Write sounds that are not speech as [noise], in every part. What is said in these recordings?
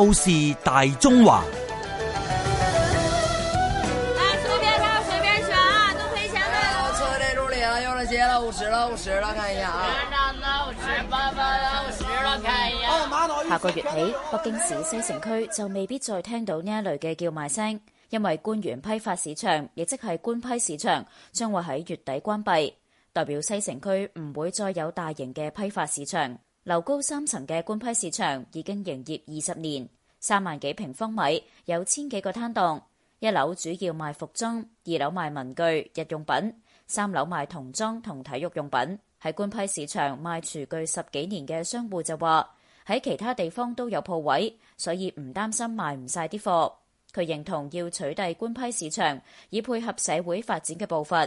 透視大中華。啊，隨便挑，隨便選啊！都賠錢啊！接了，五十了，五十了，看一下啊！下個月起，北 [laughs] 京市西城區就未必再聽到呢一類嘅叫賣聲，因為官園批發市場，亦即係官批市場，將會喺月底關閉，代表西城區唔會再有大型嘅批發市場。樓高三層嘅官批市場已經營業二十年，三萬幾平方米，有千幾個攤檔。一樓主要賣服裝，二樓賣文具、日用品，三樓賣童裝同體育用品。喺官批市場賣廚具十幾年嘅商戶就話，喺其他地方都有鋪位，所以唔擔心賣唔晒啲貨。佢認同要取締官批市場，以配合社會發展嘅步伐。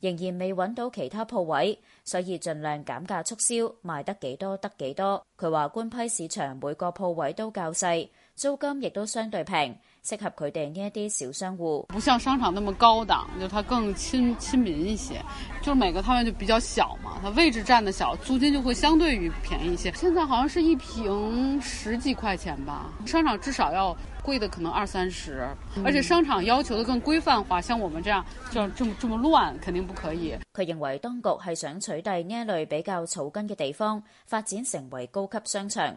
仍然未揾到其他鋪位，所以盡量減價促銷，賣得幾多得幾多。佢話官批市場每個鋪位都較細，租金亦都相對平。適合佢哋呢一啲小商戶，不像商場那麼高檔，就它更親親民一些。就每個攤位就比較小嘛，它位置佔得小，租金就會相對於便宜一些。現在好像是一平十幾塊錢吧，商場至少要貴的可能二三十，而且商場要求的更規範化，像我們這樣就這麼這麼亂，肯定不可以。佢認為當局係想取締呢類比較草根嘅地方，發展成為高級商場。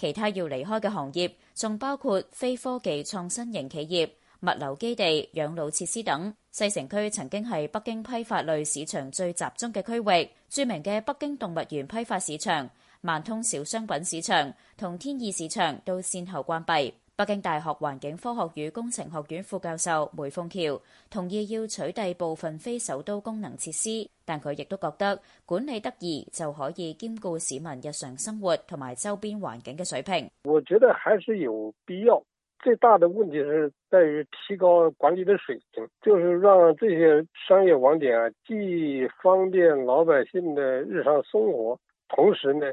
其他要離開嘅行業，仲包括非科技創新型企業、物流基地、養老設施等。西城區曾經係北京批發類市場最集中嘅區域，著名嘅北京動物園批發市場、萬通小商品市場同天意市場都先後關閉。北京大學環境科學與工程學院副教授梅鳳橋同意要取締部分非首都功能設施，但佢亦都覺得管理得宜就可以兼顧市民日常生活同埋周邊環境嘅水平。我覺得還是有必要，最大的問題是在於提高管理的水平，就是讓這些商業網點啊，既方便老百姓的日常生活，同時呢。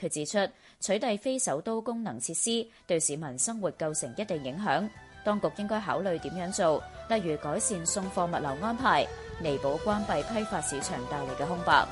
佢指出，取締非首都功能設施對市民生活構成一定影響，當局應該考慮點樣做，例如改善送貨物流安排，彌補關閉批發市場帶嚟嘅空白。